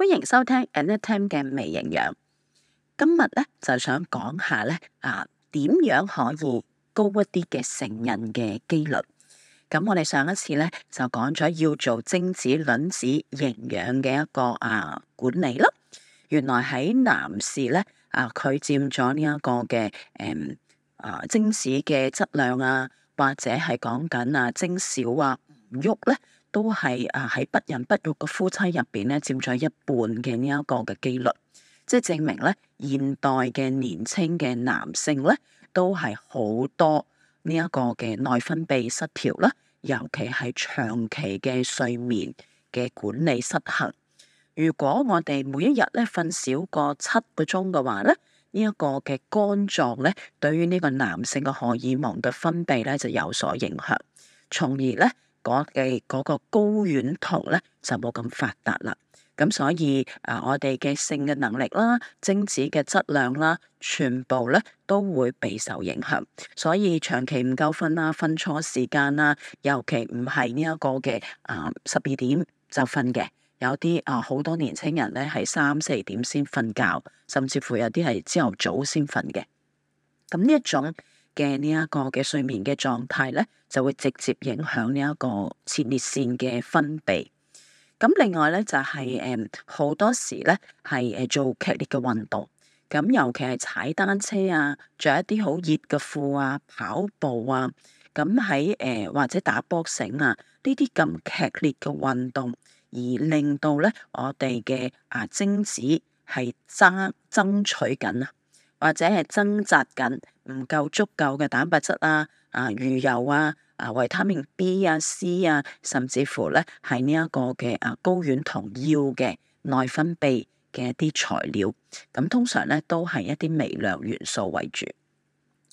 歡迎收聽 An《Annette Tam 嘅微營養》今呢，今日咧就想講下咧啊，樣海點樣可以高一啲嘅成孕嘅機率？咁我哋上一次咧就講咗要做精子卵子營養嘅一個啊管理啦。原來喺男士咧啊，佢佔咗呢一個嘅誒、嗯、啊精子嘅質量啊，或者係講緊啊精少啊唔喐咧。都係啊，喺不孕不育嘅夫妻入邊咧，佔咗一半嘅呢一個嘅幾率，即係證明咧，現代嘅年青嘅男性咧，都係好多呢一個嘅內分泌失調啦，尤其係長期嘅睡眠嘅管理失衡。如果我哋每一日咧瞓少過七個鐘嘅話咧，這個、呢一個嘅肝臟咧，對於呢個男性嘅荷爾蒙嘅分泌咧，就有所影響，從而咧。嗰嘅嗰個睾丸圖咧就冇咁發達啦，咁所以啊、呃、我哋嘅性嘅能力啦、精子嘅質量啦，全部咧都會備受影響。所以長期唔夠瞓啦，瞓錯時間啦，尤其唔係呢一個嘅啊十二點就瞓嘅，有啲啊好多年青人咧係三四點先瞓覺，甚至乎有啲係朝頭早先瞓嘅，咁呢一種。嘅呢一個嘅睡眠嘅狀態咧，就會直接影響呢一個前列腺嘅分泌。咁另外咧就係誒好多時咧係誒做劇烈嘅運動，咁尤其係踩單車啊，着一啲好熱嘅褲啊，跑步啊，咁喺誒或者打波繩啊，呢啲咁劇烈嘅運動，而令到咧我哋嘅啊精子係爭爭取緊啊，或者係掙扎緊唔夠足夠嘅蛋白質啊、啊魚油啊、啊維他命 B 啊、C 啊，甚至乎咧係呢一個嘅啊睾丸同腰嘅內分泌嘅一啲材料，咁通常咧都係一啲微量元素為主。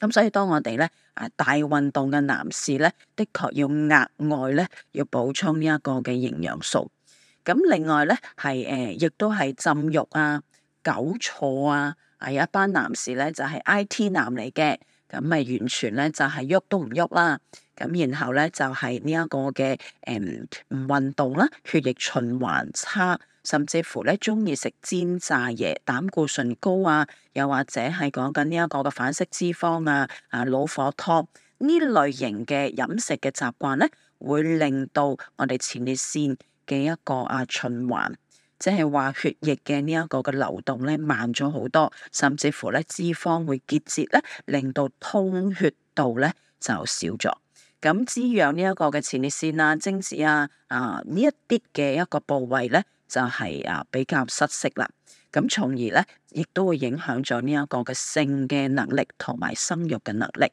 咁所以當我哋咧啊大運動嘅男士咧，的確要額外咧要補充呢一個嘅營養素。咁另外咧係誒，亦都係浸浴啊、久坐啊。啊！一班男士咧就係 I T 男嚟嘅，咁咪完全咧就係喐都唔喐啦。咁然後咧就係呢一個嘅誒唔唔運動啦，血液循環差，甚至乎咧中意食煎炸嘢、膽固醇高啊，又或者係講緊呢一個嘅反式脂肪啊、啊老火湯呢類型嘅飲食嘅習慣咧，會令到我哋前列腺嘅一個啊循環。即係話血液嘅呢一個嘅流動咧慢咗好多，甚至乎咧脂肪會結節咧，令到通血度咧就少咗。咁滋養呢一個嘅前列腺啊、精子啊啊呢一啲嘅一個部位咧就係啊比較失色啦。咁從而咧亦都會影響咗呢一個嘅性嘅能力同埋生育嘅能力。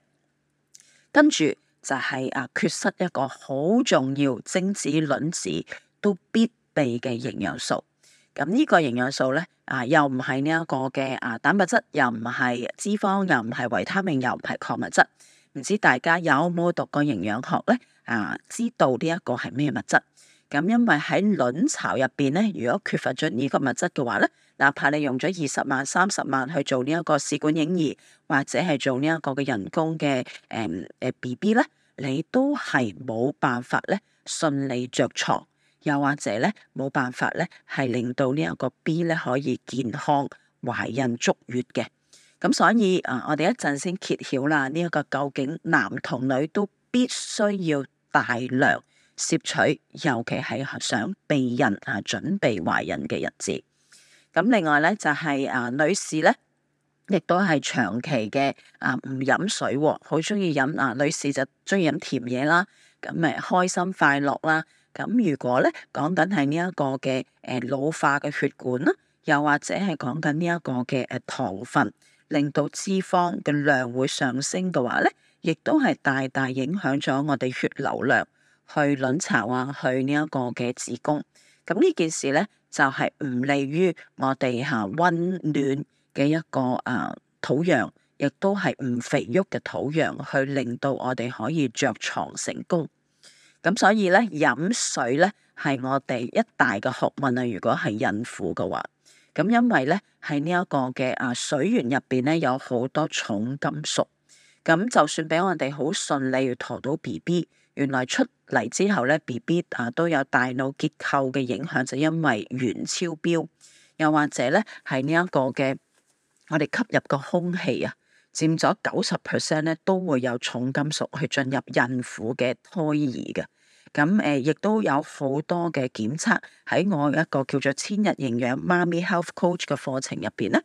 跟住就係啊缺失一個好重要精子卵子都必備嘅營養素。咁呢個營養素咧，啊又唔係呢一個嘅啊蛋白質，又唔係脂肪，又唔係維他命，又唔係礦物質。唔知大家有冇讀過營養學咧？啊，知道呢一個係咩物質？咁、啊、因為喺卵巢入邊咧，如果缺乏咗呢個物質嘅話咧，哪怕你用咗二十萬、三十萬去做呢一個試管嬰兒，或者係做呢一個嘅人工嘅誒誒 B B 咧，你都係冇辦法咧順利着床。又或者咧，冇辦法咧，係令到呢一個 B 咧可以健康懷孕足月嘅。咁所以啊，我哋一陣先揭曉啦，呢、這、一個究竟男同女都必須要大量攝取，尤其係想備孕啊、準備懷孕嘅日子。咁另外咧就係、是、啊，女士咧亦都係長期嘅啊唔飲水喎、哦，好鍾意飲啊。女士就鍾意飲甜嘢啦，咁誒開心快樂啦。咁如果咧，講緊係呢一個嘅誒老化嘅血管啦，又或者係講緊呢一個嘅誒糖分，令到脂肪嘅量會上升嘅話咧，亦都係大大影響咗我哋血流量去卵巢啊，去呢一個嘅子宮。咁呢件事咧，就係唔利於我哋嚇温暖嘅一個啊土壤，亦都係唔肥沃嘅土壤，去令到我哋可以着床成功。咁所以咧，飲水咧係我哋一大嘅學問啊！如果係孕婦嘅話，咁因為咧係呢一個嘅啊水源入邊咧有好多重金屬，咁就算俾我哋好順利要陀到 B B，原來出嚟之後咧 B B 啊都有大腦結構嘅影響，就因為鉛超標，又或者咧係呢一個嘅我哋吸入個空氣啊。佔咗九十 percent 咧，都會有重金屬去進入孕婦嘅胎兒嘅。咁誒，亦都有好多嘅檢測喺我一個叫做《千日營養媽咪 Health Coach》嘅課程入邊咧。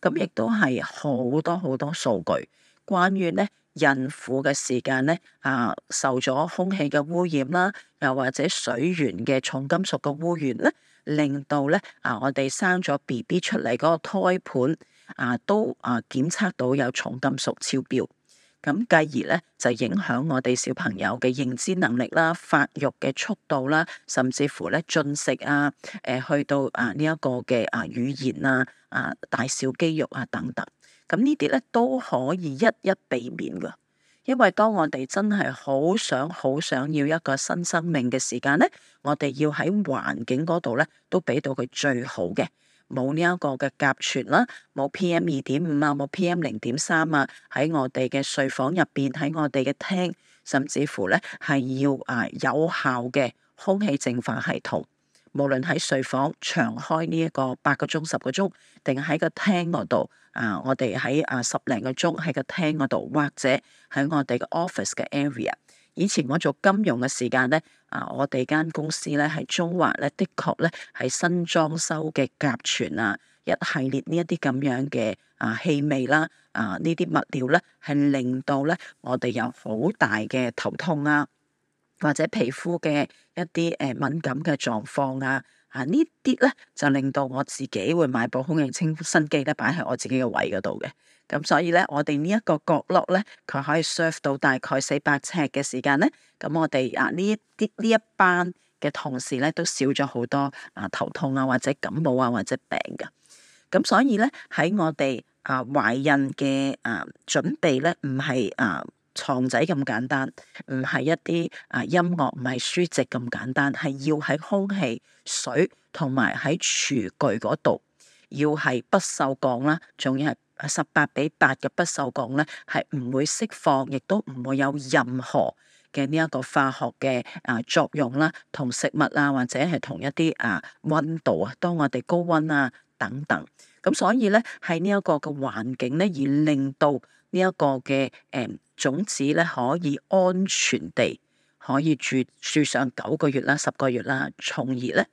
咁亦都係好多好多數據，關於咧孕婦嘅時間咧啊，受咗空氣嘅污染啦，又或者水源嘅重金屬嘅污染咧，令到咧啊，我哋生咗 BB 出嚟嗰個胎盤。啊，都啊，檢測到有重金屬超標，咁繼而咧就影響我哋小朋友嘅認知能力啦、發育嘅速度啦，甚至乎咧進食啊、誒、呃、去到啊呢一、這個嘅啊語言啊、啊大小肌肉啊等等，咁呢啲咧都可以一一避免噶，因為當我哋真係好想好想要一個新生命嘅時間咧，我哋要喺環境嗰度咧都俾到佢最好嘅。冇呢一個嘅甲醛啦，冇 PM 二點五啊，冇 PM 零點三啊，喺我哋嘅睡房入邊，喺我哋嘅廳，甚至乎呢係要啊有效嘅空氣淨化系統，無論喺睡房長開呢一個八個鐘十個鐘，定喺個廳嗰度啊，我哋喺啊十零個鐘喺個廳嗰度，或者喺我哋嘅 office 嘅 area。以前我做金融嘅時間咧，啊，我哋間公司咧係中環咧，的確咧係新裝修嘅甲醛啊，一系列呢一啲咁樣嘅啊氣味啦，啊呢啲物料咧係令到咧我哋有好大嘅頭痛啊，或者皮膚嘅一啲誒敏感嘅狀況啊。啊！呢啲咧就令到我自己會買部空氣清新機咧，擺喺我自己嘅位嗰度嘅。咁所以咧，我哋呢一個角落咧，佢可以 serve 到大概四百尺嘅時間咧。咁我哋啊呢一啲呢一班嘅同事咧，都少咗好多啊頭痛啊，或者感冒啊，或者病㗎。咁所以咧，喺我哋啊懷孕嘅啊準備咧，唔係啊床仔咁簡單，唔係一啲啊音樂，唔係書籍咁簡單，係要喺空氣、水同埋喺廚具嗰度要係不鏽鋼啦，仲要係十八比八嘅不鏽鋼咧，係唔會釋放，亦都唔會有任何嘅呢一個化學嘅啊作用啦，同食物啊，或者係同一啲啊溫度啊，當我哋高溫啊等等咁，所以咧喺呢一個嘅環境咧，而令到呢一個嘅誒。呃種子咧可以安全地可以住住上九個月啦、十個月啦，從而咧，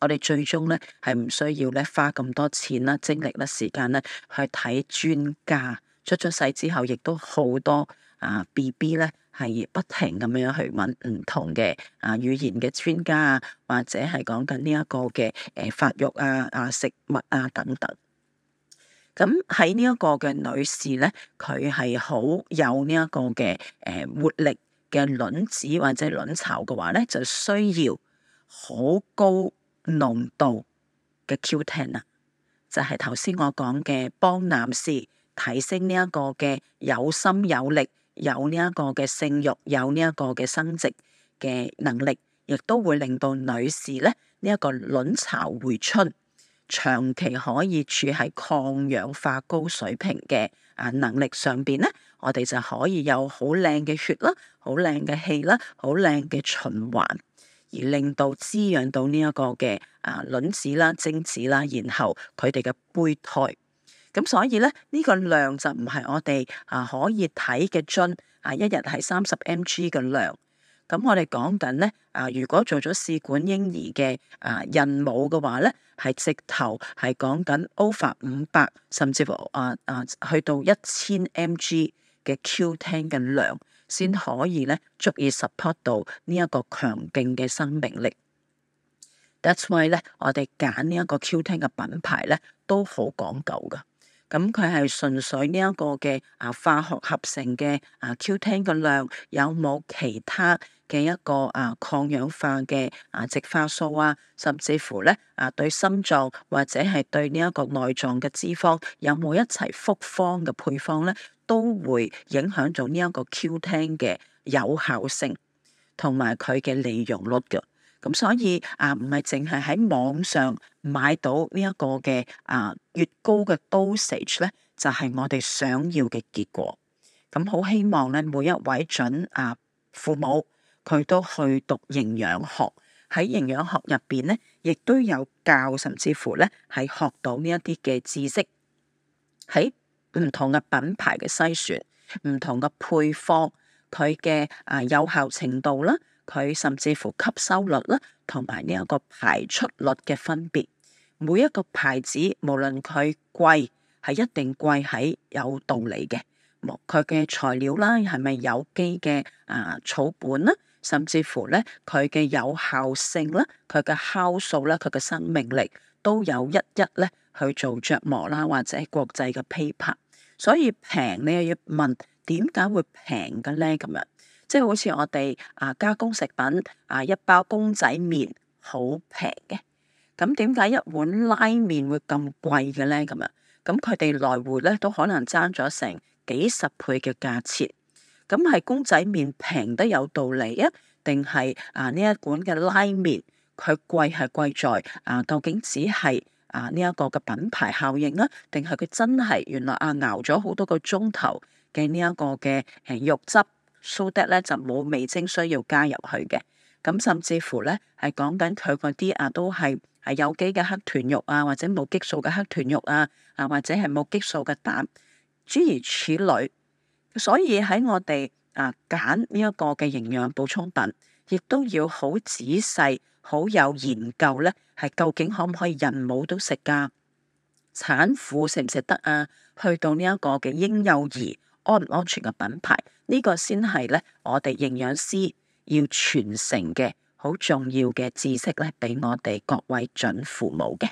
我哋最終咧係唔需要咧花咁多錢啦、精力啦、時間啦去睇專家。出咗世之後，亦都好多啊 B B 咧係不停咁樣去問唔同嘅啊語言嘅專家啊，或者係講緊呢一個嘅誒發育啊、啊食物啊等等。咁喺呢一個嘅女士呢，佢係好有呢一個嘅誒活力嘅卵子或者卵巢嘅話呢，就需要好高濃度嘅 Q10 啊，就係頭先我講嘅幫男士提升呢一個嘅有心有力，有呢一個嘅性慾，有呢一個嘅生殖嘅能力，亦都會令到女士呢，呢一個卵巢回春。長期可以處喺抗氧化高水平嘅啊能力上邊咧，我哋就可以有好靚嘅血啦，好靚嘅氣啦，好靚嘅循環，而令到滋養到呢一個嘅啊卵子啦、精子啦，然後佢哋嘅胚胎。咁所以咧，呢、呢個量就唔係我哋啊可以睇嘅樽啊，一日係三十 mg 嘅量。咁、嗯、我哋講緊呢，啊、呃，如果做咗試管嬰兒嘅啊孕母嘅話呢係直頭係講緊 over 五百甚至乎啊啊去到一千 mg 嘅 Q Ten 嘅量，先可以咧足以 support 到呢一個強勁嘅生命力。That's why 呢，我哋揀呢一個 Q Ten 嘅品牌呢，都好講究噶。咁佢係純粹呢一個嘅啊化學合成嘅啊 Q Ten 嘅量，有冇其他嘅一個啊抗氧化嘅啊植化素啊，甚至乎咧啊對心臟或者係對呢一個內臟嘅脂肪，有冇一齊複方嘅配方咧，都會影響到呢一個 Q Ten 嘅有效性同埋佢嘅利用率嘅。咁所以啊，唔係淨係喺網上買到呢一個嘅啊越高嘅 dosage 咧，就係我哋想要嘅結果。咁好希望咧，每一位準啊父母佢都去讀營養學，喺營養學入邊咧，亦都有教甚至乎咧係學到呢一啲嘅知識，喺唔同嘅品牌嘅篩選，唔同嘅配方，佢嘅啊有效程度啦。佢甚至乎吸收率啦，同埋呢一個排出率嘅分別，每一個牌子無論佢貴係一定貴喺有道理嘅，莫佢嘅材料啦，係咪有機嘅啊草本啦，甚至乎咧佢嘅有效性啦，佢嘅酵素啦，佢嘅生命力，都有一一咧去做着磨啦，或者國際嘅批判，所以平你又要問點解會平嘅咧？咁樣。即係好似我哋啊加工食品啊一包公仔麵好平嘅，咁點解一碗拉麵會咁貴嘅咧？咁啊，咁佢哋來回咧都可能爭咗成幾十倍嘅價錢，咁係公仔麵平得有道理啊？定係啊呢一管嘅拉麵佢貴係貴在啊究竟只係啊呢一個嘅品牌效應啊，定係佢真係原來啊熬咗好多個鐘頭嘅呢一個嘅肉汁？蘇德咧就冇味精需要加入去嘅，咁甚至乎咧係講緊佢嗰啲啊都係係有機嘅黑豚肉啊，或者冇激素嘅黑豚肉啊，啊或者係冇激素嘅蛋諸如此類，所以喺我哋啊揀呢一個嘅營養補充品，亦都要好仔細、好有研究咧，係究竟可唔可以孕婦都食噶，啊，產婦食唔食得啊？去到呢一個嘅嬰幼兒安唔安全嘅品牌？呢個先係咧，我哋營養師要傳承嘅好重要嘅知識咧，俾我哋各位準父母嘅。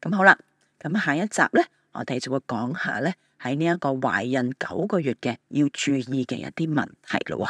咁好啦，咁下一集咧，我哋就會講下咧喺呢一個懷孕九個月嘅要注意嘅一啲問題咯。